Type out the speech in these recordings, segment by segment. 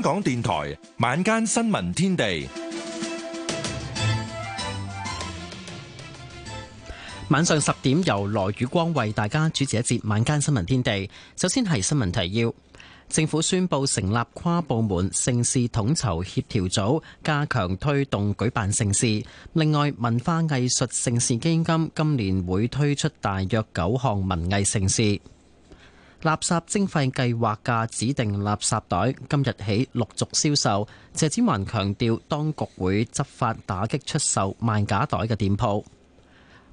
香港電台晚間新聞天地，晚上十點由羅宇光為大家主持一節晚間新聞天地。首先係新聞提要：政府宣布成立跨部門盛事統籌協調組，加強推動舉辦盛事。另外，文化藝術盛事基金，金今年會推出大約九項文藝盛事。垃圾徵費計劃嘅指定垃圾袋今日起陸續銷售。謝展寰強調，當局會執法打擊出售賣假袋嘅店鋪。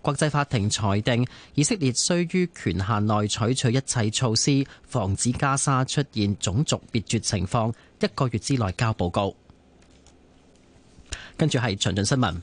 國際法庭裁定，以色列須於權限內採取一切措施，防止加沙出現種族滅絕情況。一個月之內交報告。跟住係詳盡新聞。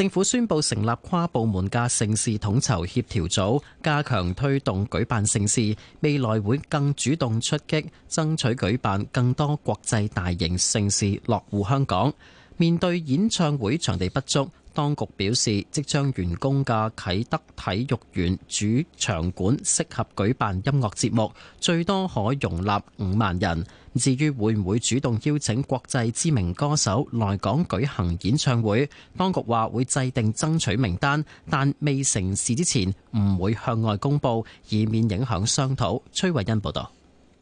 政府宣布成立跨部門嘅盛事統籌協調組，加強推動舉辦盛事。未來會更主動出擊，爭取舉辦更多國際大型盛事，落戶香港。面對演唱會場地不足，當局表示，即將完工嘅啟德體育園主場館適合舉辦音樂節目，最多可容納五萬人。至於會唔會主動邀請國際知名歌手來港舉行演唱會，當局話會制定爭取名單，但未成事之前唔會向外公布，以免影響商討。崔慧欣報道。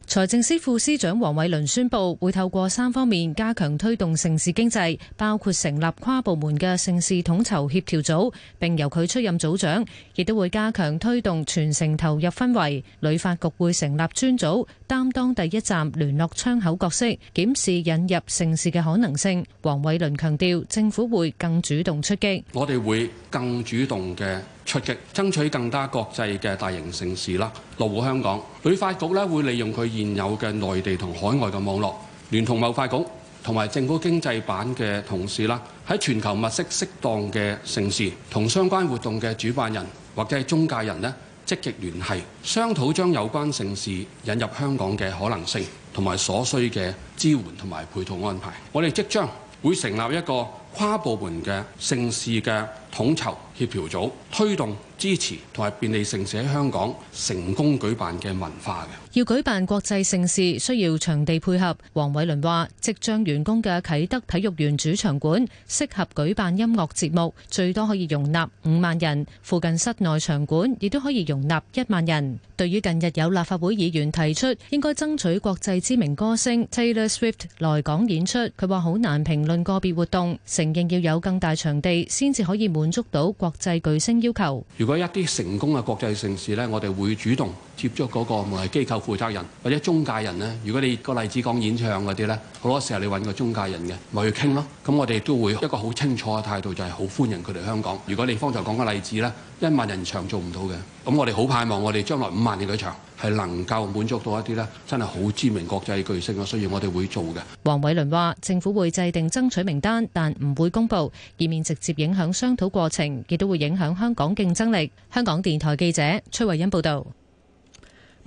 財政司副司長黃偉綸宣布，會透過三方面加強推動盛事經濟，包括成立跨部門嘅盛事統籌協調組，並由佢出任組長，亦都會加強推動全城投入氛圍。旅發局會成立專組，擔當第一站聯絡窗口角色，檢視引入盛事嘅可能性。黃偉綸強調，政府會更主動出擊，我哋會更主動嘅。出擊，爭取更加國際嘅大型城市啦，落戶香港。旅發局咧，會利用佢現有嘅內地同海外嘅網絡，聯同貿發局同埋政府經濟版嘅同事啦，喺全球物色適當嘅城市同相關活動嘅主辦人或者係中介人咧，積極聯繫商討，將有關城市引入香港嘅可能性同埋所需嘅支援同埋配套安排。我哋即將會成立一個。跨部門嘅盛事嘅統籌協調組，推動支持、同埋便利盛事喺香港成功舉辦嘅文化嘅。要舉辦國際盛事需要場地配合，黃偉倫話，即將完工嘅啟德體育園主場館適合舉辦音樂節目，最多可以容納五萬人，附近室內場館亦都可以容納一萬人。對於近日有立法會議員提出應該爭取國際知名歌星 Taylor Swift 來港演出，佢話好難評論個別活動。承認要有更大場地先至可以滿足到國際巨星要求。如果一啲成功嘅國際城市呢，我哋會主動接觸嗰個唔係機構負責人或者中介人呢。如果你個例子講演唱嗰啲呢，好多時候你揾個中介人嘅，咪去傾咯。咁我哋都會一個好清楚嘅態度，就係好歡迎佢嚟香港。如果你方才講嘅例子呢，一萬人場做唔到嘅。咁我哋好盼望我哋將來五萬人嘅場係能夠滿足到一啲咧，真係好知名國際巨星啊，需要我哋會做嘅。黃偉倫話政府會制定爭取名單，但唔會公布，以免直接影響商討過程，亦都會影響香港競爭力。香港電台記者崔慧欣報道。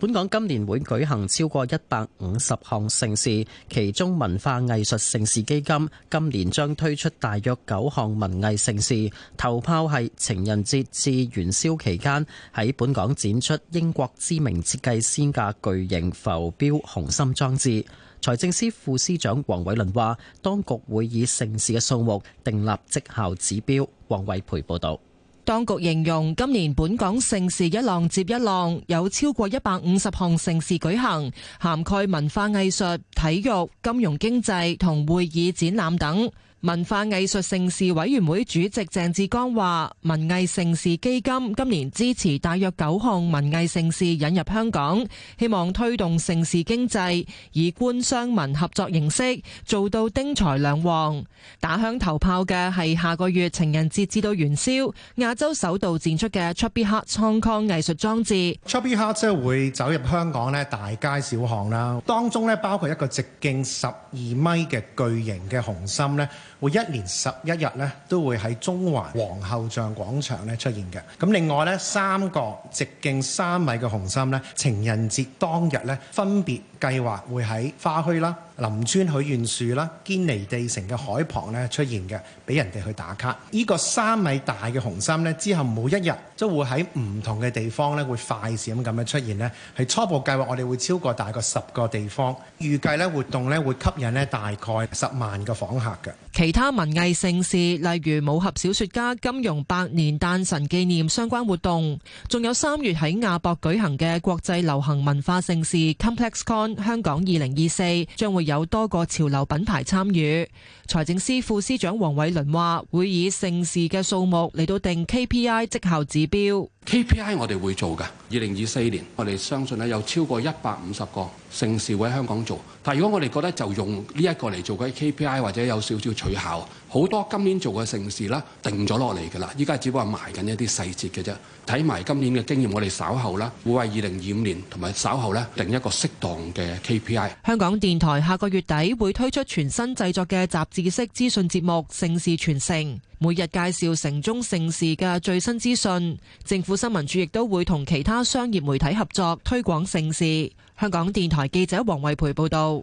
本港今年會舉行超過一百五十項盛事，其中文化藝術盛事基金今年將推出大約九項文藝盛事。頭炮係情人節至元宵期間喺本港展出英國知名設計師嘅巨型浮標紅心裝置。財政司副司長黃偉倫話，當局會以盛事嘅數目訂立績效指標。黃偉培報導。當局形容今年本港盛事一浪接一浪，有超過一百五十項盛事舉行，涵蓋文化藝術、體育、金融經濟同會議展覽等。文化藝術盛事委員會主席鄭志剛話，文藝盛事基金今年支持大約九項文藝盛事引入香港，希望推動盛事經濟，以官商民合作形式做到丁財兩旺。打響頭炮嘅係下個月情人節至到元宵，亞洲首度展出嘅 Chubby Hearts Hong Kong 藝術裝置。Chubby Hearts 即係會走入香港呢大街小巷啦，當中呢包括一個直徑十二米嘅巨型嘅紅心呢。會一年十一日咧，都會喺中環皇后像廣場咧出現嘅。咁另外咧，三個直徑三米嘅紅心咧，情人節當日咧，分別。計劃會喺花墟啦、林村許願樹啦、堅尼地城嘅海旁咧出現嘅，俾人哋去打卡。呢個三米大嘅紅心咧，之後每一日都會喺唔同嘅地方咧，會快閃咁樣出現咧。係初步計劃，我哋會超過大概十個地方，預計咧活動咧會吸引咧大概十萬個訪客嘅。其他文藝盛事，例如武俠小說家金庸百年誕辰紀念相關活動，仲有三月喺亞博舉行嘅國際流行文化盛事 ComplexCon。香港2024將會有多個潮流品牌參與。財政司副司長黃偉綸話，會以盛事嘅數目嚟到定 KPI 績效指標。KPI 我哋會做噶。二零二四年我哋相信咧有超過一百五十個盛事會喺香港做。但如果我哋覺得就用呢一個嚟做嘅 KPI，或者有少少取巧，好多今年做嘅盛事啦，定咗落嚟噶啦。依家只不過埋緊一啲細節嘅啫。睇埋今年嘅經驗，我哋稍後啦，會為二零二五年同埋稍後咧定一個適當嘅 KPI。香港電台下個月底會推出全新製作嘅雜誌。知識資訊節目《盛事全城》，每日介紹城中盛事嘅最新資訊。政府新聞處亦都會同其他商業媒體合作推廣盛事。香港電台記者黃惠培報道。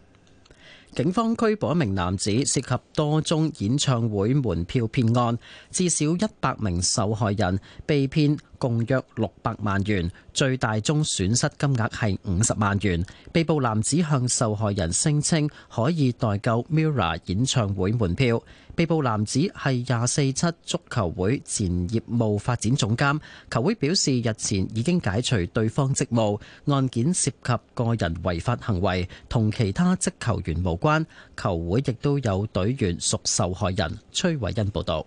警方拘捕一名男子，涉及多宗演唱會門票騙案，至少一百名受害人被騙共約六百萬元，最大宗損失金額係五十萬元。被捕男子向受害人聲稱可以代購 MIRROR 演唱會門票。被捕男子係廿四七足球會前業務發展總監，球會表示日前已經解除對方職務，案件涉及個人違法行為，同其他職球員無關，球會亦都有隊員屬受害人。崔偉恩報道。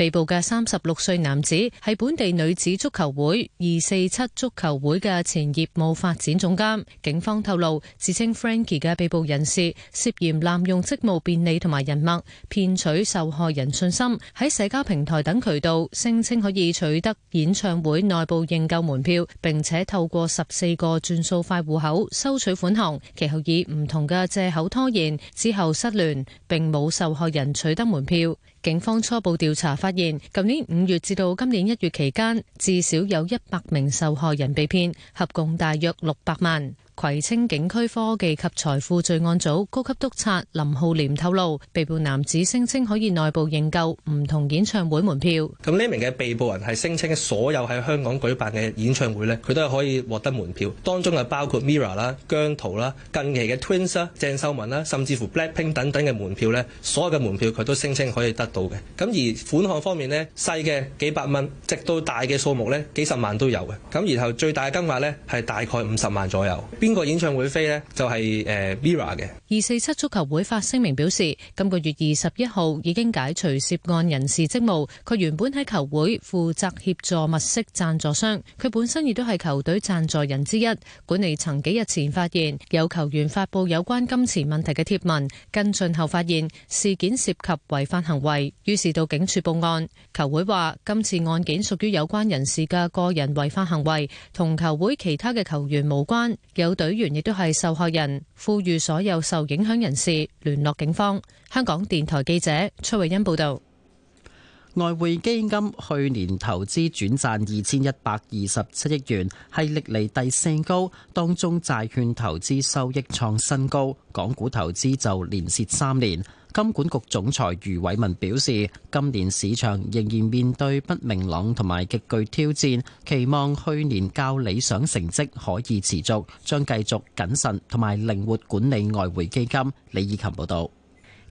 被捕嘅三十六歲男子係本地女子足球會二四七足球會嘅前業務發展總監。警方透露，自稱 Frankie 嘅被捕人士涉嫌濫用職務便利同埋人脈，騙取受害人信心，喺社交平台等渠道聲稱可以取得演唱會內部認購門票，並且透過十四個轉數快戶口收取款項，其後以唔同嘅借口拖延，之後失聯，並冇受害人取得門票。警方初步調查發現，舊年五月至到今年一月期間，至少有一百名受害人被騙，合共大約六百萬。葵青警區科技及財富罪案組高級督察林浩廉透露，被捕男子聲稱可以內部認購唔同演唱會門票。咁呢名嘅被捕人係聲稱所有喺香港舉辦嘅演唱會呢，佢都係可以獲得門票，當中係包括 Mirror 啦、姜濤啦、近期嘅 Twins、鄭秀文啦，甚至乎 Blackpink 等等嘅門票呢，所有嘅門票佢都聲稱可以得到嘅。咁而款項方面呢，細嘅幾百蚊，直到大嘅數目呢，幾十萬都有嘅。咁然後最大金額呢，係大概五十萬左右。今個演唱會飛呢，就係誒 Vera 嘅。二四七足球會發聲明表示，今個月二十一號已經解除涉案人士職務。佢原本喺球會負責協助物色贊助商，佢本身亦都係球隊贊助人之一。管理層幾日前發現有球員發布有關金錢問題嘅貼文，跟進後發現事件涉及違法行為，於是到警署報案。球會話今次案件屬於有關人士嘅個人違法行為，同球會其他嘅球員無關。隊員亦都係受害人，呼籲所有受影響人士聯絡警方。香港電台記者崔慧欣報道：外匯基金去年投資轉賺二千一百二十七億元，係歷嚟第四高，當中債券投資收益創新高，港股投資就連蝕三年。金管局總裁余偉文表示，今年市場仍然面對不明朗同埋極具挑戰，期望去年較理想成績可以持續，將繼續謹慎同埋靈活管理外匯基金。李以琴報道。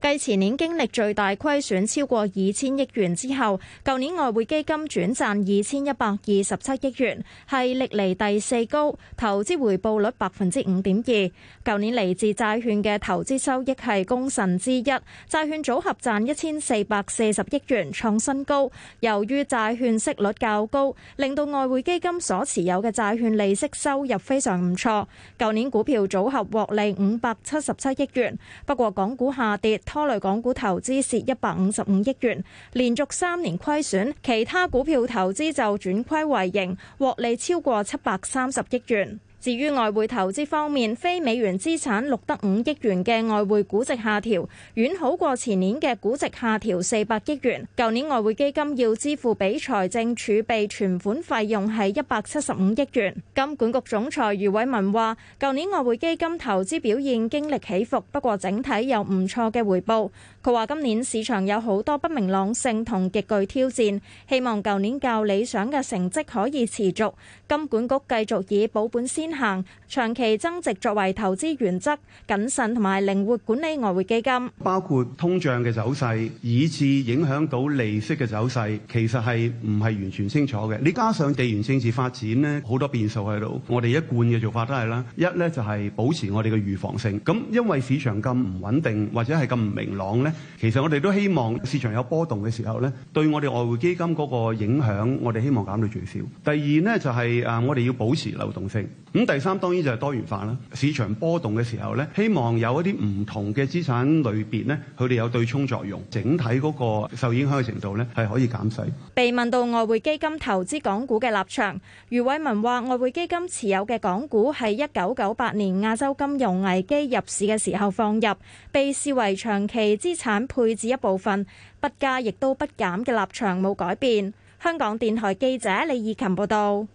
繼前年經歷最大虧損超過二千億元之後，舊年外匯基金轉賺二千一百二十七億元，係歷來第四高，投資回報率百分之五點二。舊年嚟自債券嘅投資收益係功臣之一，債券組合賺一千四百四十億元，創新高。由於債券息率較高，令到外匯基金所持有嘅債券利息收入非常唔錯。舊年股票組合獲利五百七十七億元，不過港股下跌。拖累港股投資蝕一百五十五億元，連續三年虧損；其他股票投資就轉虧為盈，獲利超過七百三十億元。至於外匯投資方面，非美元資產錄得五億元嘅外匯估值下調，遠好過前年嘅估值下調四百億元。舊年外匯基金要支付俾財政儲備存款費用係一百七十五億元。金管局總裁余偉文話，舊年外匯基金投資表現經歷起伏，不過整體有唔錯嘅回報。佢話今年市場有好多不明朗性同極具挑戰，希望舊年較理想嘅成績可以持續。金管局繼續以保本先行長期增值作為投資原則，謹慎同埋靈活管理外匯基金，包括通脹嘅走勢，以致影響到利息嘅走勢，其實係唔係完全清楚嘅。你加上地緣政治發展呢，好多變數喺度。我哋一貫嘅做法都係啦，一呢就係保持我哋嘅預防性。咁因為市場咁唔穩定或者係咁唔明朗呢，其實我哋都希望市場有波動嘅時候呢，對我哋外匯基金嗰個影響，我哋希望減到最少。第二呢，就係誒，我哋要保持流動性。咁第三當然就係多元化啦。市場波動嘅時候呢，希望有一啲唔同嘅資產類別呢，佢哋有對沖作用，整體嗰個受影響嘅程度呢，係可以減細。被問到外匯基金投資港股嘅立場，余偉文話：外匯基金持有嘅港股喺一九九八年亞洲金融危機入市嘅時候放入，被視為長期資產配置一部分，不加亦都不減嘅立場冇改變。香港電台記者李以琴報道。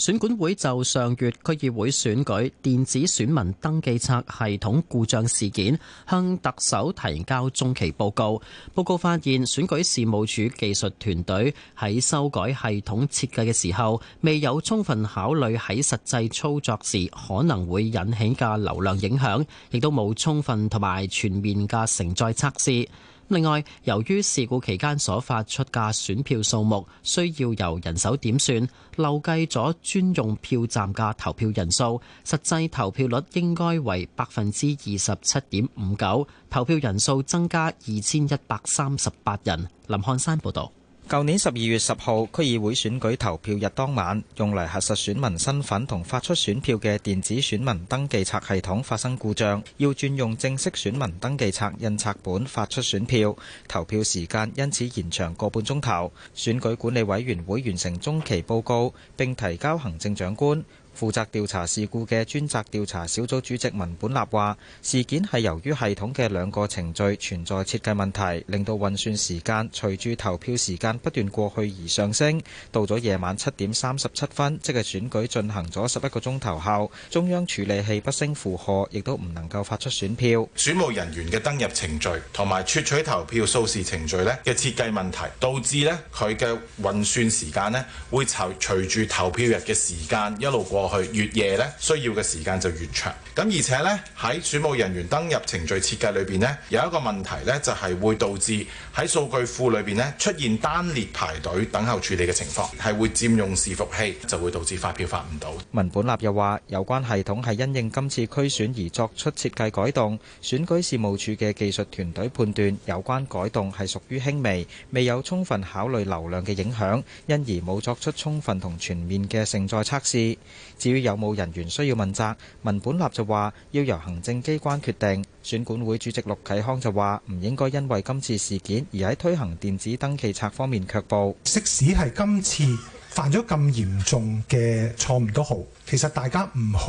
選管會就上月區議會選舉電子選民登記冊系統故障事件，向特首提交中期報告。報告發現，選舉事務處技術團隊喺修改系統設計嘅時候，未有充分考慮喺實際操作時可能會引起嘅流量影響，亦都冇充分同埋全面嘅承載測試。另外，由於事故期間所發出嘅選票數目需要由人手點算，漏計咗專用票站嘅投票人數，實際投票率應該為百分之二十七點五九，投票人數增加二千一百三十八人。林漢山報導。舊年十二月十號，區議會選舉投票日當晚，用嚟核實選民身份同發出選票嘅電子選民登記冊系統發生故障，要轉用正式選民登記冊印刷本發出選票，投票時間因此延長個半鐘頭。選舉管理委員會完成中期報告，並提交行政長官。負責調查事故嘅專責調查小組主席文本立話，事件係由於系統嘅兩個程序存在設計問題，令到運算時間隨住投票時間不斷過去而上升。到咗夜晚七點三十七分，即係選舉進行咗十一個鐘頭後，中央處理器不勝負荷，亦都唔能夠發出選票。選務人員嘅登入程序同埋竄取投票數字程序咧嘅設計問題，導致咧佢嘅運算時間咧會隨住投票日嘅時間一路過。越夜咧需要嘅時間就越長。咁而且咧喺選務人員登入程序設計裏邊咧有一個問題咧就係會導致喺數據庫裏邊咧出現單列排隊等候處理嘅情況，係會佔用伺服器，就會導致發票發唔到。文本立又話：有關系統係因應今次區選而作出設計改動，選舉事務處嘅技術團隊判斷有關改動係屬於輕微，未有充分考慮流量嘅影響，因而冇作出充分同全面嘅承載測試。至於有冇人員需要問責，文本立就話要由行政機關決定。選管會主席陸啟康就話：唔應該因為今次事件而喺推行電子登記冊方面卻步。即使係今次犯咗咁嚴重嘅錯誤都好，其實大家唔好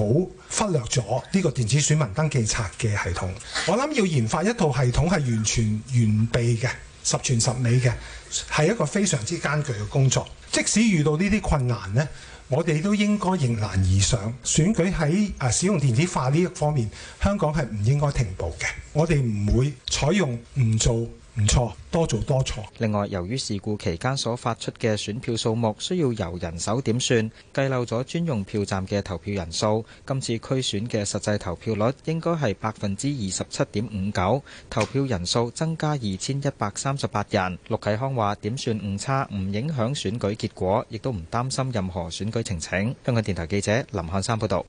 忽略咗呢個電子選民登記冊嘅系統。我諗要研發一套系統係完全完備嘅、十全十美嘅，係一個非常之艱巨嘅工作。即使遇到呢啲困難咧，我哋都應該迎難而上，選舉喺啊使用電子化呢一方面，香港係唔應該停步嘅。我哋唔會採用唔做。唔錯，多做多錯。另外，由於事故期間所發出嘅選票數目需要由人手點算，計漏咗專用票站嘅投票人數，今次區選嘅實際投票率應該係百分之二十七點五九，投票人數增加二千一百三十八人。陸啟康話：點算誤差唔影響選舉結果，亦都唔擔心任何選舉呈請。香港電台記者林漢山報道。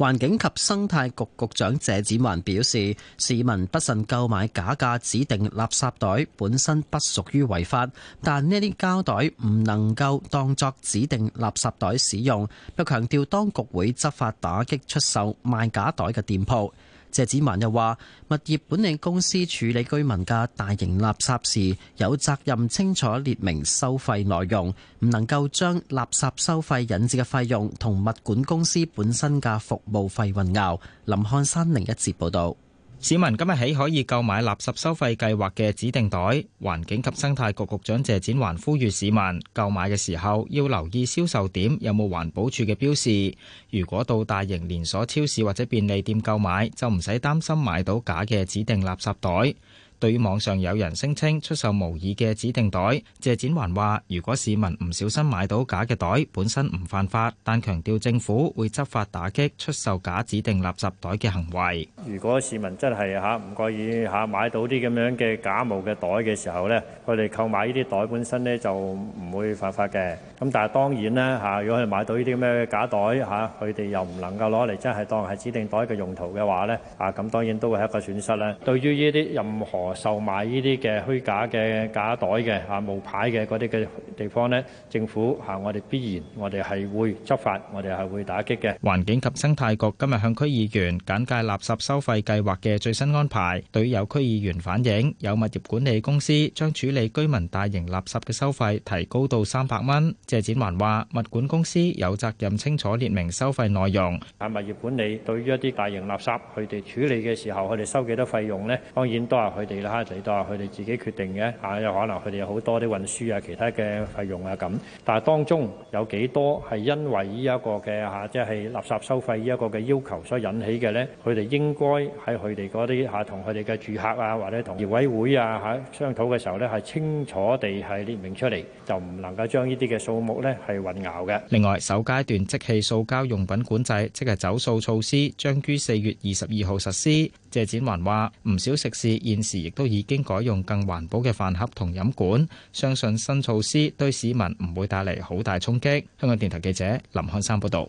環境及生態局局長謝展寰表示，市民不慎購買假價指定垃圾袋，本身不屬於違法，但呢啲膠袋唔能夠當作指定垃圾袋使用。又強調，當局會執法打擊出售賣假袋嘅店鋪。.謝子文又話：物業管理公司處理居民嘅大型垃圾時，有責任清楚列明收費內容，唔能夠將垃圾收費引致嘅費用同物管公司本身嘅服務費混淆。林漢山另一節報道。市民今日起可以購買垃圾收費計劃嘅指定袋。環境及生態局局長謝展寰呼籲市民購買嘅時候要留意銷售點有冇環保署嘅標示。如果到大型連鎖超市或者便利店購買，就唔使擔心買到假嘅指定垃圾袋。對於網上有人聲稱出售模擬嘅指定袋，謝展寰話：如果市民唔小心買到假嘅袋，本身唔犯法，但強調政府會執法打擊出售假指定垃圾袋嘅行為。如果市民真係嚇唔過意嚇買到啲咁樣嘅假冒嘅袋嘅時候咧，佢哋購買呢啲袋本身咧就唔會犯法嘅。咁但係當然咧嚇，如果佢哋買到呢啲咁樣嘅假袋嚇，佢哋又唔能夠攞嚟真係當係指定袋嘅用途嘅話咧，啊咁當然都會係一個損失啦。對於呢啲任何售賣呢啲嘅虛假嘅假袋嘅嚇冇牌嘅嗰啲嘅地方咧，政府嚇我哋必然我哋係會執法，我哋係會打擊嘅。環境及生態局今日向區議員簡介垃圾收費計劃嘅最新安排。對於有區議員反映，有物業管理公司將處理居民大型垃圾嘅收費提高到三百蚊。謝展寰話，物管公司有責任清楚列明收費內容。啊，物業管理對於一啲大型垃圾，佢哋處理嘅時候，佢哋收幾多費用咧？當然都係佢哋。你睇到話佢哋自己決定嘅嚇，有可能佢哋有好多啲運輸啊、其他嘅費用啊咁。但係當中有幾多係因為呢一個嘅嚇，即係垃圾收費呢一個嘅要求，所引起嘅咧，佢哋應該喺佢哋嗰啲嚇同佢哋嘅住客啊，或者同業委會啊嚇商討嘅時候咧，係清楚地係列明出嚟，就唔能夠將呢啲嘅數目咧係混淆嘅。另外，首階段即棄塑膠用品管制，即係走塑措施，將於四月二十二號實施。謝展環話：唔少食肆現時亦都已經改用更環保嘅飯盒同飲管，相信新措施對市民唔會帶嚟好大衝擊。香港電台記者林漢山報道。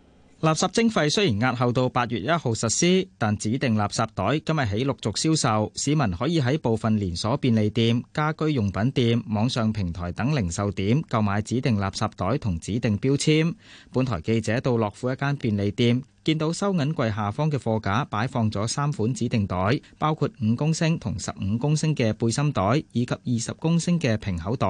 垃圾徵費雖然押後到八月一號實施，但指定垃圾袋今日起陸續銷售，市民可以喺部分連鎖便利店、家居用品店、網上平台等零售點購買指定垃圾袋同指定標籤。本台記者到樂富一間便利店，見到收銀櫃下方嘅貨架擺放咗三款指定袋，包括五公升同十五公升嘅背心袋，以及二十公升嘅平口袋。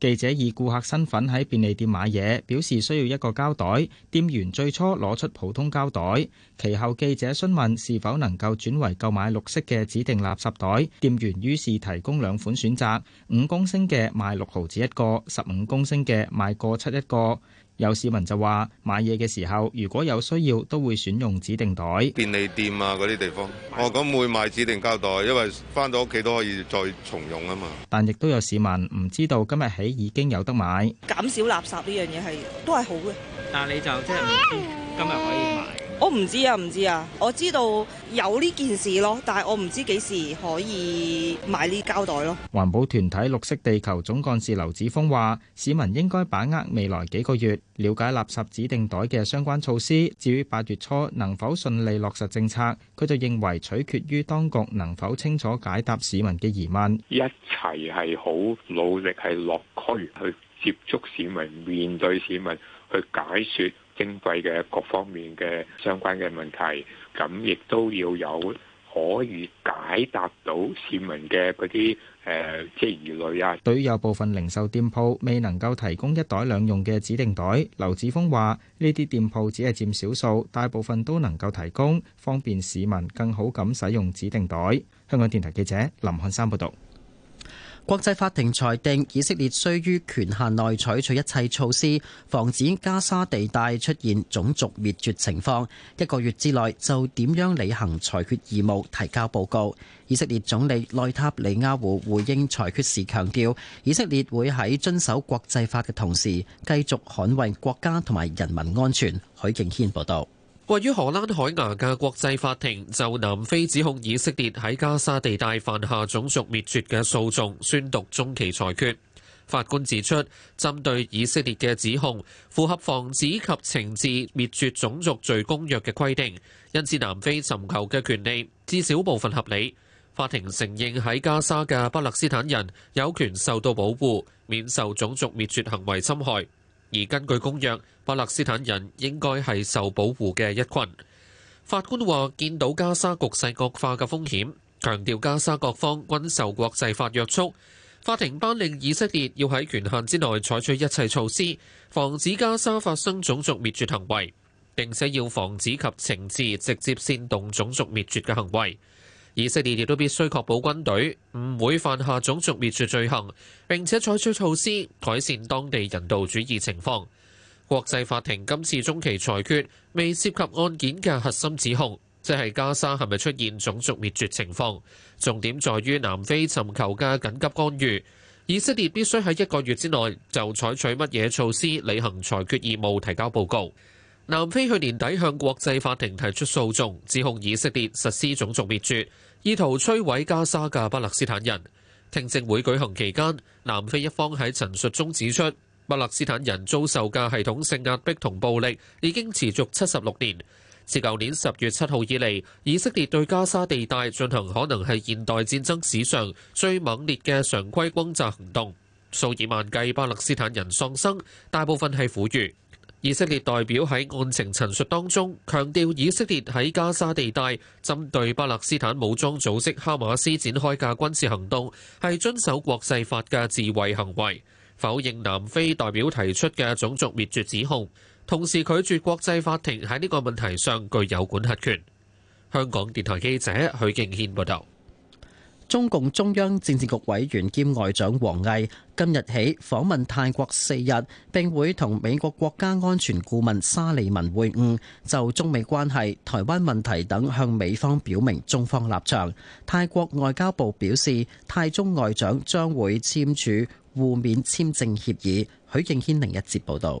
記者以顧客身份喺便利店買嘢，表示需要一個膠袋。店員最初攞出普通膠袋，其後記者詢問是否能夠轉為購買綠色嘅指定垃圾袋，店員於是提供兩款選擇：五公升嘅賣六毫子一個，十五公升嘅賣個七一個。有市民就話,買嘢嘅時候,如果有需要,都會選用指定袋,便利店啊,嗰啲地方。我咁會買指定膠袋,因為返到屋企都可以再重用吖嘛。但亦都有市民,唔知道今日起已經有得買。減少垃圾呢樣嘢係,都係好㗎。但你就即係唔知,今日可以買。我唔知啊，唔知啊，我知道有呢件事咯，但係我唔知幾時可以買呢膠袋咯。環保團體綠色地球總幹事劉子峰話，市民應該把握未來幾個月，了解垃圾指定袋嘅相關措施。至於八月初能否順利落實政策，佢就認為取決於當局能否清楚解答市民嘅疑問。一齊係好努力係落區去接觸市民，面對市民去解說，經費嘅各方面嘅相關嘅問題，咁亦都要有可以解答到市民嘅嗰啲誒即疑慮啊。對於有部分零售店鋪未能夠提供一袋兩用嘅指定袋，劉子峯話呢啲店鋪只係佔少數，大部分都能夠提供，方便市民更好咁使用指定袋。香港電台記者林漢山報導。國際法庭裁定，以色列須於權限內採取一切措施，防止加沙地帶出現種族滅絕情況。一個月之內就點樣履行裁決義務，提交報告。以色列總理內塔里亞胡回應裁決時強調，以色列會喺遵守國際法嘅同時，繼續捍衛國家同埋人民安全。許敬軒報道。位於荷蘭海牙嘅國際法庭就南非指控以色列喺加沙地帶犯下種族滅絕嘅訴訟宣讀中期裁決。法官指出，針對以色列嘅指控符合防止及懲治滅絕種族罪公約嘅規定，因此南非尋求嘅權利至少部分合理。法庭承認喺加沙嘅巴勒斯坦人有權受到保護，免受種族滅絕行為侵害。而根據公約，巴勒斯坦人應該係受保護嘅一群。法官話：見到加沙局勢惡化嘅風險，強調加沙各方均受國際法約束。法庭頒令以色列要喺權限之內採取一切措施，防止加沙發生種族滅絕行為，並且要防止及懲治直接煽動種族滅絕嘅行為。以色列亦都必須確保軍隊唔會犯下種族滅絕罪行，並且採取措施改善當地人道主義情況。國際法庭今次中期裁決未涉及案件嘅核心指控，即係加沙係咪出現種族滅絕情況。重點在於南非尋求嘅緊急干預，以色列必須喺一個月之內就採取乜嘢措施履行裁決義務，提交報告。南非去年底向國際法庭提出訴訟，指控以色列實施種族滅絕。意圖摧毀加沙嘅巴勒斯坦人。聽證會舉行期間，南非一方喺陳述中指出，巴勒斯坦人遭受嘅系統性壓迫同暴力已經持續七十六年。自舊年十月七號以嚟，以色列對加沙地帶進行可能係現代戰爭史上最猛烈嘅常規轟炸行動，數以萬計巴勒斯坦人喪生，大部分係婦孺。以色列代表喺案情陳述當中強調以色列喺加沙地帶針對巴勒斯坦武裝組織哈馬斯展開嘅軍事行動，係遵守國際法嘅自衛行為，否認南非代表提出嘅種族滅絕指控，同時拒絕國際法庭喺呢個問題上具有管轄權。香港電台記者許敬軒報道。中共中央政治局委員兼外長王毅今日起訪問泰國四日，並會同美國國家安全顧問沙利文會晤，就中美關係、台灣問題等向美方表明中方立場。泰國外交部表示，泰中外長將會簽署互免簽證協議。許敬軒另一節報道。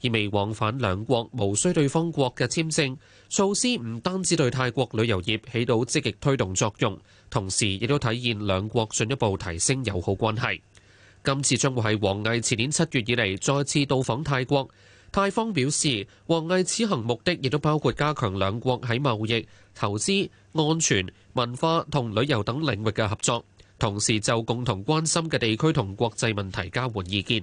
意味往返兩國無需對方國嘅簽證措施，唔單止對泰國旅遊業起到積極推動作用，同時亦都體現兩國進一步提升友好關係，今次將會係王毅前年七月以嚟再次到訪泰國。泰方表示王毅此行目的亦都包括加強兩國喺貿易、投資、安全、文化同旅遊等領域嘅合作，同時就共同關心嘅地區同國際問題交換意見。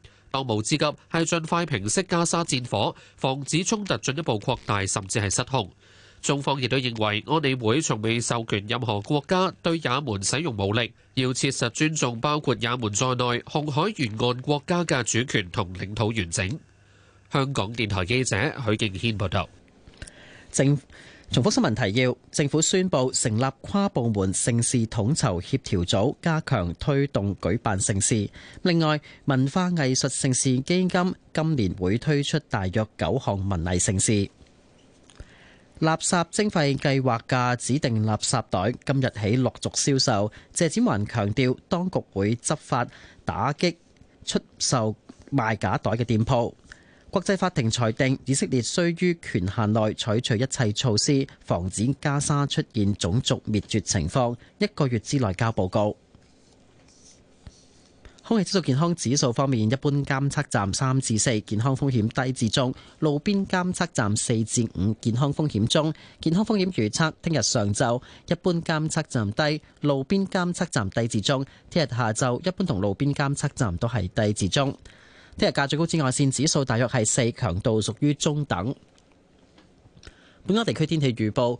當務之急係盡快平息加沙戰火，防止衝突進一步擴大，甚至係失控。中方亦都認為，安理會從未授權任何國家對也門使用武力，要切實尊重包括也門在內紅海沿岸國家嘅主權同領土完整。香港電台記者許敬軒報道。政重複新聞提要：政府宣布成立跨部門盛事統籌協調組，加強推動舉辦盛事。另外，文化藝術盛事基金今年會推出大約九項文藝盛事。垃圾徵費計劃嘅指定垃圾袋今日起陸續銷售。謝展寰強調，當局會執法打擊出售賣假袋嘅店鋪。國際法庭裁定，以色列需於權限內採取，取一切措施，防止加沙出現種族滅絕情況。一個月之內交報告。空氣質素健康指數方面，一般監測站三至四，健康風險低至中；路邊監測站四至五，健康風險中。健康風險預測：聽日上晝一般監測站低，路邊監測站低至中；聽日下晝一般同路邊監測站都係低至中。聽日嘅最高紫外線指數大約係四，強度，屬於中等。本港地區天氣預報。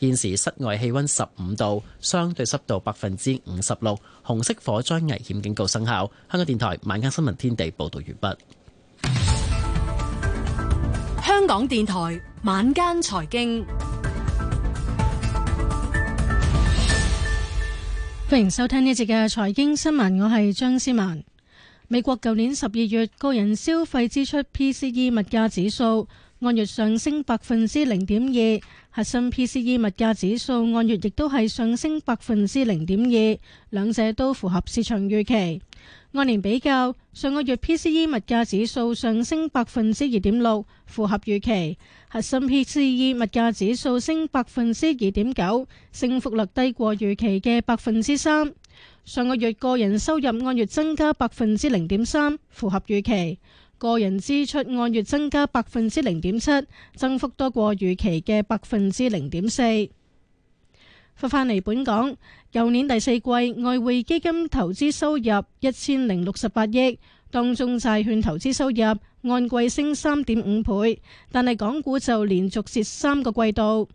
現時室外氣溫十五度，相對濕度百分之五十六，紅色火災危險警告生效。香港電台晚間新聞天地報道完畢。香港電台晚間財經，歡迎收聽呢節嘅財經新聞，我係張思曼。美國舊年十二月個人消費支出 PCE 物價指數按月上升百分之零點二。核心 PCE 物價指數按月亦都係上升百分之零點二，兩者都符合市場預期。按年比較，上個月 PCE 物價指數上升百分之二點六，符合預期。核心 PCE 物價指數升百分之二點九，升幅率低過預期嘅百分之三。上個月個人收入按月增加百分之零點三，符合預期。個人支出按月增加百分之零點七，增幅多過預期嘅百分之零點四。翻返嚟本港，舊年第四季外匯基金投資收入一千零六十八億，當中債券投資收入按季升三點五倍，但係港股就連續蝕三個季度。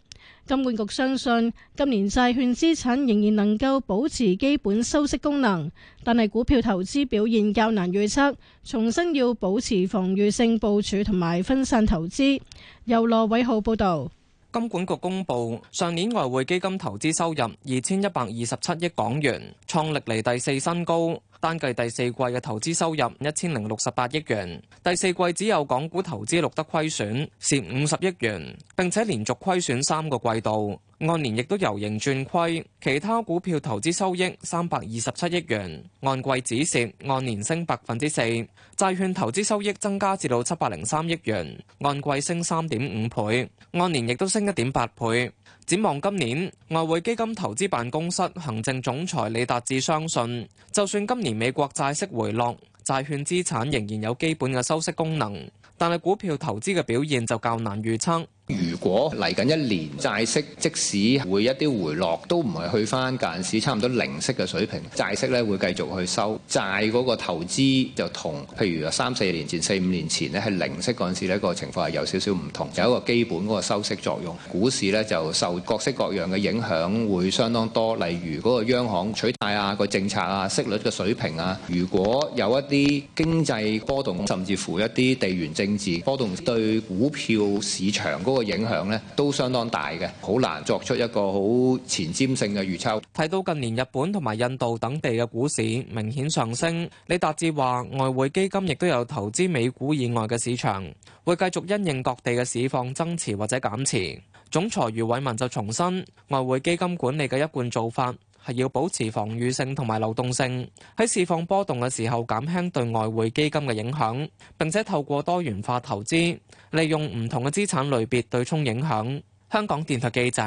金管局相信，今年債券資產仍然能夠保持基本收息功能，但係股票投資表現較難預測，重新要保持防禦性部署同埋分散投資。由羅偉浩報道，金管局公布上年外匯基金投資收入二千一百二十七億港元，創歷嚟第四新高。單計第四季嘅投資收入一千零六十八億元，第四季只有港股投資錄得虧損，蝕五十億元，並且連續虧損三個季度。按年亦都由盈轉虧，其他股票投資收益三百二十七億元，按季止蝕，按年升百分之四。債券投資收益增加至到七百零三億元，按季升三點五倍，按年亦都升一點八倍。展望今年，外匯基金投資辦公室行政總裁李達志相信，就算今年美國債息回落，債券資產仍然有基本嘅收息功能，但係股票投資嘅表現就較難預測。如果嚟緊一年債息即使會一啲回落，都唔係去翻嗰陣時差唔多零息嘅水平，債息咧，會繼續去收。債嗰個投資就同譬如三四年前，四五年前咧係零息嗰陣時咧，這個情況係有少少唔同，有一個基本嗰個收息作用。股市呢就受各式各樣嘅影響，會相當多。例如嗰個央行取態啊，個政策啊，息率嘅水平啊，如果有一啲經濟波動，甚至乎一啲地緣政治波動，對股票市場，嗰個個影響呢都相當大嘅，好難作出一個好前瞻性嘅預測。睇到近年日本同埋印度等地嘅股市明顯上升，李達志話：外匯基金亦都有投資美股以外嘅市場，會繼續因應各地嘅市況增持或者減持。總裁余偉文就重申外匯基金管理嘅一貫做法。係要保持防禦性同埋流動性，喺市況波動嘅時候減輕對外匯基金嘅影響，並且透過多元化投資，利用唔同嘅資產類別對沖影響。香港電台記者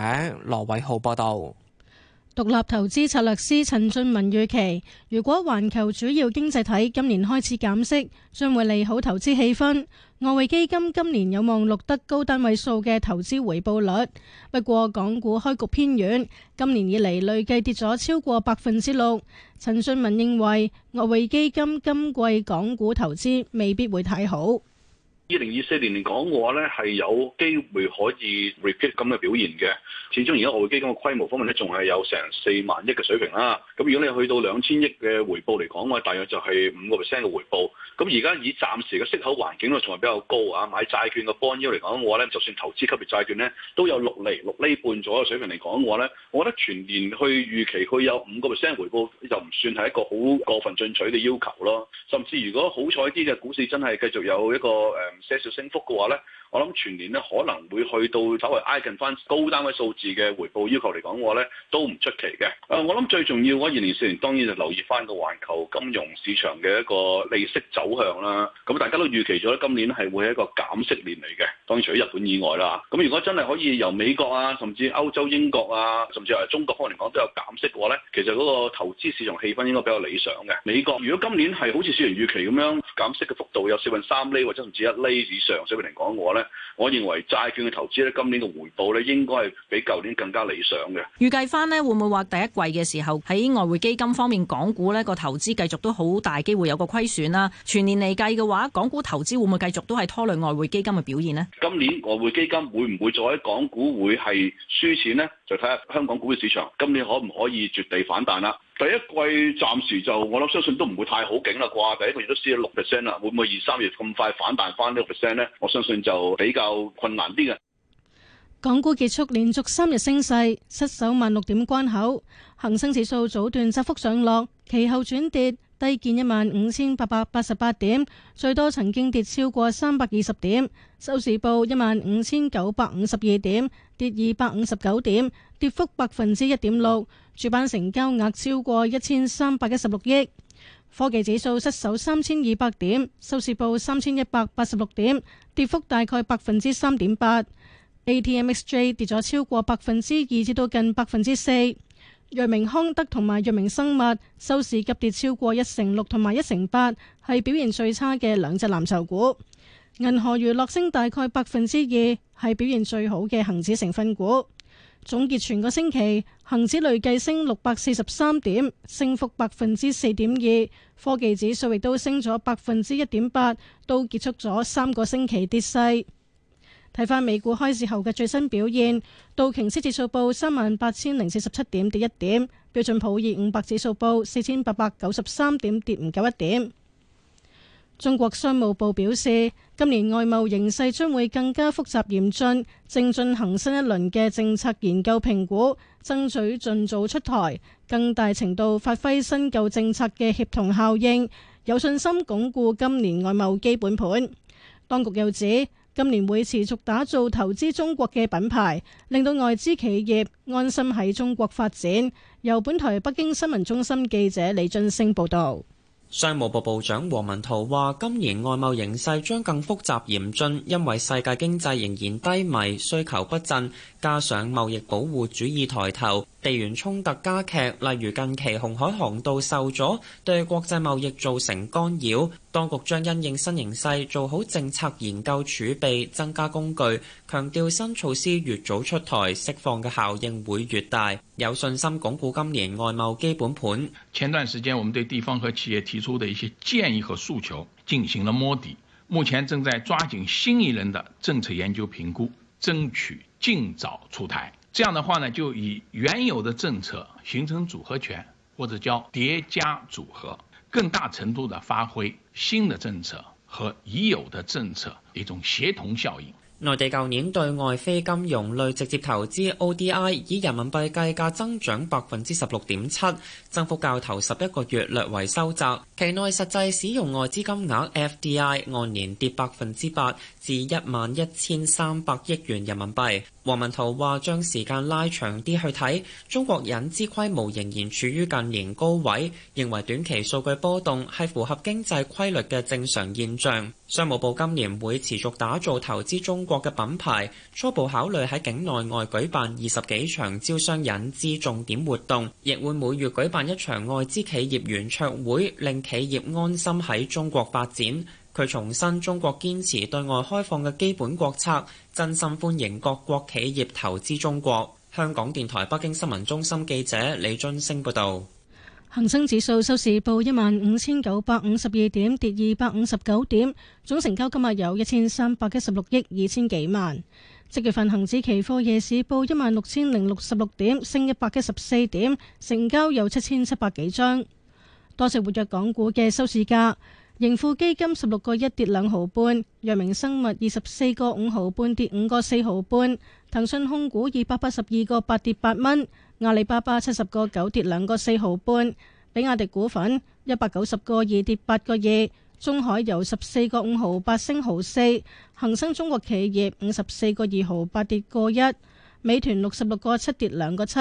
羅偉浩報道。獨立投資策略師陳俊文預期，如果環球主要經濟體今年開始減息，將會利好投資氣氛。外匯基金今年有望錄得高單位數嘅投資回報率。不過，港股開局偏軟，今年以嚟累計跌咗超過百分之六。陳俊文認為，外匯基金今季港股投資未必會太好。二零二四年嚟講嘅話咧，係有機會可以 repeat 咁嘅表現嘅。始終而家外匯基金嘅規模方面咧，仲係有成四萬億嘅水平啦。咁、嗯、如果你去到兩千億嘅回報嚟講嘅話，大約就係五個 percent 嘅回報。咁而家以暫時嘅息口環境咧，仲係比較高啊。買債券嘅 bond yield 嚟講嘅話咧，就算投資級別債券咧，都有六厘、六厘半左右嘅水平嚟講嘅話咧，我覺得全年去預期佢有五個 percent 回報就唔算係一個好過分進取嘅要求咯。甚至如果好彩啲嘅股市真係繼續有一個誒，呃些少升幅嘅話咧，我諗全年咧可能會去到稍微挨近翻高單位數字嘅回報要求嚟講嘅話咧，都唔出奇嘅。誒，我諗最重要嘅二年四年當然就留意翻個環球金融市場嘅一個利息走向啦。咁大家都預期咗今年係會係一個減息年嚟嘅。當然除咗日本以外啦，咁如果真係可以由美國啊，甚至歐洲、英國啊，甚至由中國方嚟講都有減息嘅話咧，其實嗰個投資市場氣氛應該比較理想嘅。美國如果今年係好似市場預期咁樣減息嘅幅度有四分三厘或者甚至一，呢以上，所以佢哋講我咧，我認為債券嘅投資咧，今年嘅回報咧，應該係比舊年更加理想嘅。預計翻咧，會唔會話第一季嘅時候喺外匯基金方面，港股咧個投資繼續都好大機會有個虧損啦。全年嚟計嘅話，港股投資會唔會繼續都係拖累外匯基金嘅表現呢？今年外匯基金會唔會再喺港股會係輸錢呢？就睇下香港股票市場今年可唔可以絕地反彈啦，啊。第一季暫時就我諗相信都唔會太好景啦啩，第一個月都蝕咗六 percent 啦，會唔會二三月咁快反彈翻呢個 percent 呢？我相信就比較困難啲嘅。港股結束連續三日升勢，失守萬六點關口，恒生指數早段窄幅上落，其後轉跌。低見一萬五千八百八十八點，最多曾經跌超過三百二十點，收市報一萬五千九百五十二點，跌二百五十九點，跌幅百分之一點六。主板成交額超過一千三百一十六億。科技指數失守三千二百點，收市報三千一百八十六點，跌幅大概百分之三點八。ATMXJ 跌咗超過百分之二，至到近百分之四。藥明康德同埋藥明生物收市急跌超過一成六同埋一成八，係表現最差嘅兩隻藍籌股。銀河娛樂升大概百分之二，係表現最好嘅恒指成分股。總結全個星期，恒指累計升六百四十三點，升幅百分之四點二。科技指數亦都升咗百分之一點八，都結束咗三個星期跌勢。睇返美股開市後嘅最新表現，道瓊斯指數報三萬八千零四十七點，跌一點；標準普爾五百指數報四千八百九十三點，跌唔夠一點。中國商務部表示，今年外貿形勢將會更加複雜嚴峻，正進行新一輪嘅政策研究評估，爭取盡早出台，更大程度發揮新舊政策嘅協同效應，有信心鞏固今年外貿基本盤。當局又指：今年會持續打造投資中國嘅品牌，令到外資企業安心喺中國發展。由本台北京新聞中心記者李津升報導。商務部部長王文濤話：今年外貿形勢將更複雜嚴峻，因為世界經濟仍然低迷，需求不振，加上貿易保護主義抬頭。地緣衝突加劇，例如近期紅海航道受阻，對國際貿易造成干擾。當局將因應新形勢，做好政策研究儲備，增加工具，強調新措施越早出台，釋放嘅效應會越大。有信心鞏固今年外貿基本盤。前段時間，我們對地方和企業提出的一些建議和訴求進行了摸底，目前正在抓緊新一輪的政策研究評估，爭取盡早出台。這樣的話呢，就以原有的政策形成組合拳，或者叫疊加組合，更大程度地發揮新的政策和已有的政策一種協同效應。內地舊年對外非金融類直接投資 （ODI） 以人民幣計價增長百分之十六點七，增幅較頭十一個月略為收窄。期內實際使用外資金額 （FDI） 按年跌百分之八。至一萬一千三百億元人民幣，黃文濤話將時間拉長啲去睇，中國引資規模仍然處於近年高位，認為短期數據波動係符合經濟規律嘅正常現象。商務部今年會持續打造投資中國嘅品牌，初步考慮喺境內外舉辦二十幾場招商引資重點活動，亦會每月舉辦一場外資企業圓桌會，令企業安心喺中國發展。佢重申中國堅持對外開放嘅基本國策，真心歡迎各國企業投資中國。香港電台北京新聞中心記者李俊升報道：「恒生指數收市報一萬五千九百五十二點，跌二百五十九點，總成交金額有一千三百一十六億二千幾萬。即月份恒指期貨夜市報一萬六千零六十六點，升一百一十四點，成交有七千七百幾張，多隻活躍港股嘅收市價。盈富基金十六個一跌兩毫半，藥明生物二十四個五毫半跌五個四毫半，騰訊控股二百八十二個八跌八蚊，阿里巴巴七十個九跌兩個四毫半，比亞迪股份一百九十個二跌八個二，中海油十四個五毫八升毫四，恒生中國企業五十四個二毫八跌個一，美團六十六個七跌兩個七，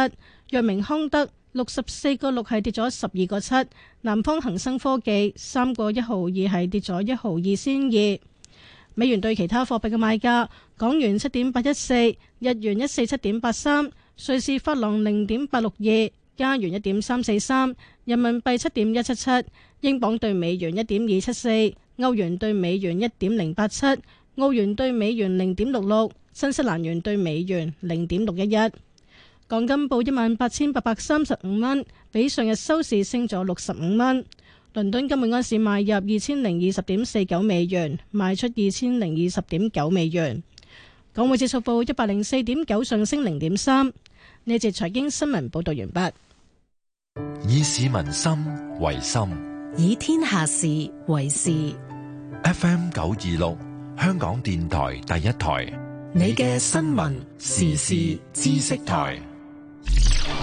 藥明康德。六十四個六係跌咗十二個七，南方恒生科技三個一毫二係跌咗一毫二先二。美元對其他貨幣嘅賣價：港元七點八一四，日元一四七點八三，瑞士法郎零點八六二，加元一點三四三，人民幣七點一七七，英鎊兌美元一點二七四，歐元兌美元一點零八七，澳元兌美元零點六六，新西蘭元兌美元零點六一一。港金報一萬八千八百三十五蚊，比上日收市升咗六十五蚊。倫敦金每盎司買入二千零二十點四九美元，賣出二千零二十點九美元。港匯指數報一百零四點九，上升零點三。呢、這、節、個、財經新聞報道完畢。以市民心為心，以天下事為下事為。FM 九二六，香港電台第一台，你嘅新聞，新聞時事知識台。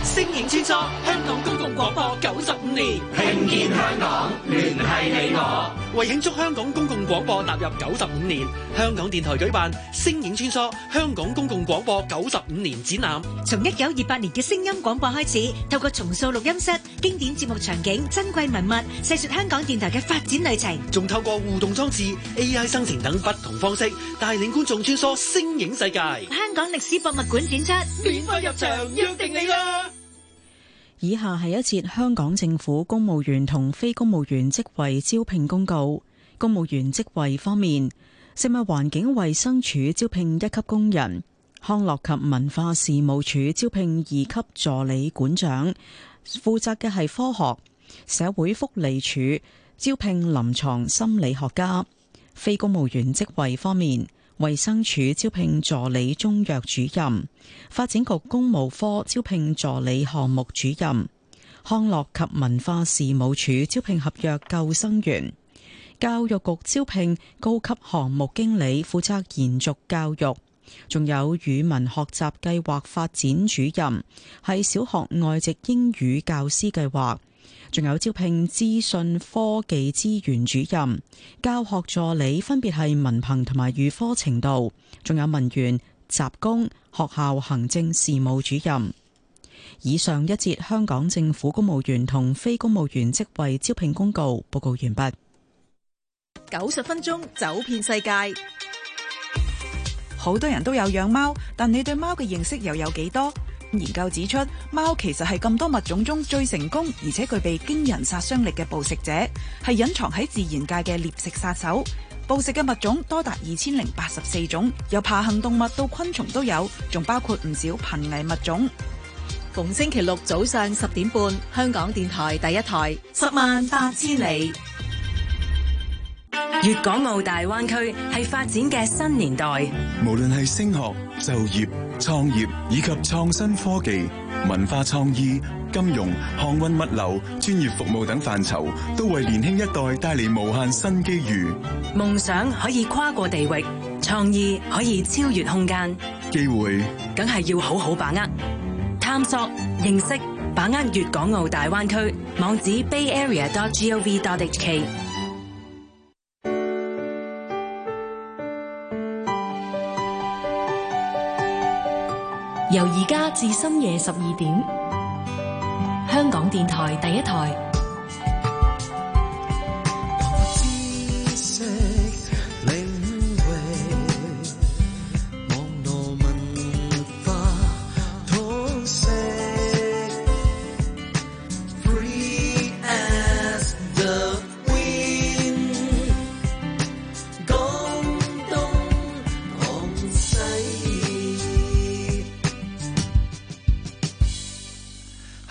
星影穿梭，香港公共廣播九十。聽見香港，聯繫你我。為慶祝香港公共廣播踏入九十五年，香港電台舉辦《聲影穿梭香港公共廣播九十五年展覽》，從一九二八年嘅聲音廣播開始，透過重塑錄音室、經典節目場景、珍貴文物，細說香港電台嘅發展旅程，仲透過互動裝置、AI 生成等不同方式，帶領觀眾穿梭聲影世界。香港歷史博物館展出，免費入場，約定你啦！以下係一節香港政府公務員同非公務員職位招聘公告。公務員職位方面，食物環境衞生署招聘一級工人；康樂及文化事務署招聘二級助理館長，負責嘅係科學，社會福利署招聘臨床心理學家。非公務員職位方面。衛生署招聘助理中藥主任，發展局公務科招聘助理項目主任，康樂及文化事務署招聘合約救生員，教育局招聘高級項目經理，負責延續教育，仲有語文學習計劃發展主任，係小學外籍英語教師計劃。仲有招聘資訊科技資源主任、教學助理，分別係文憑同埋預科程度，仲有文員、雜工、學校行政事務主任。以上一節香港政府公務員同非公務員職位招聘公告報告完畢。九十分鐘走遍世界，好多人都有養貓，但你對貓嘅認識又有幾多？研究指出，貓其實係咁多物種中最成功而且具備驚人殺傷力嘅捕食者，係隱藏喺自然界嘅獵食殺手。捕食嘅物種多達二千零八十四種，由爬行動物到昆蟲都有，仲包括唔少瀕危物種。逢星期六早上十點半，香港電台第一台，十萬八千里。粵港澳大灣區係發展嘅新年代，無論係升學、就業、創業以及創新科技、文化創意、金融、航運、物流、專業服務等範疇，都為年輕一代帶嚟無限新機遇。夢想可以跨過地域，創意可以超越空間，機會，梗係要好好把握。探索、認識、把握粵港澳大灣區網址：bayarea.gov.hk。Bay area. 由而家至深夜十二點，香港電台第一台。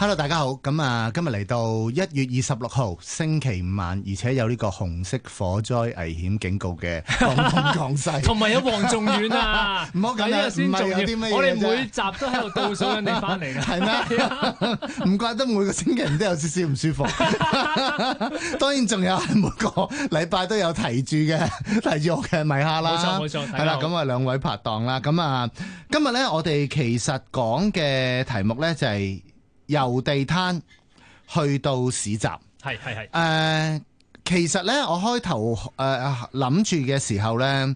Hello，大家好，咁啊，今日嚟到一月二十六號星期五晚，而且有呢個紅色火災危險警告嘅講東講西，同埋 有黃仲遠啊，唔好緊呢個先重要。有我哋每集都喺度倒數你哋翻嚟噶，係咩？唔怪得每個星期五都有少少唔舒服。 當然，仲有每個禮拜都有提住嘅提住我嘅米夏啦，冇錯冇錯，係啦。咁啊，兩位拍檔啦，咁啊，今日咧，我哋其實講嘅題目咧就係、是。由地攤去到市集，係係係。誒、呃，其實呢，我開頭誒諗住嘅時候呢，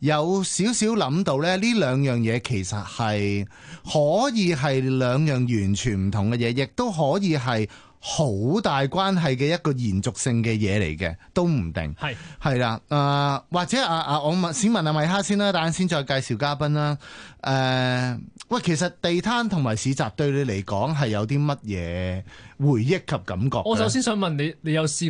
有少少諗到咧，呢兩樣嘢其實係可以係兩樣完全唔同嘅嘢，亦都可以係。好大關係嘅一個延續性嘅嘢嚟嘅，都唔定。係係啦，誒、呃、或者啊啊，我先問市民阿米哈先啦，等陣先再介紹嘉賓啦。誒、呃、喂，其實地攤同埋市集對你嚟講係有啲乜嘢回憶及感覺？我首先想問你，你有試？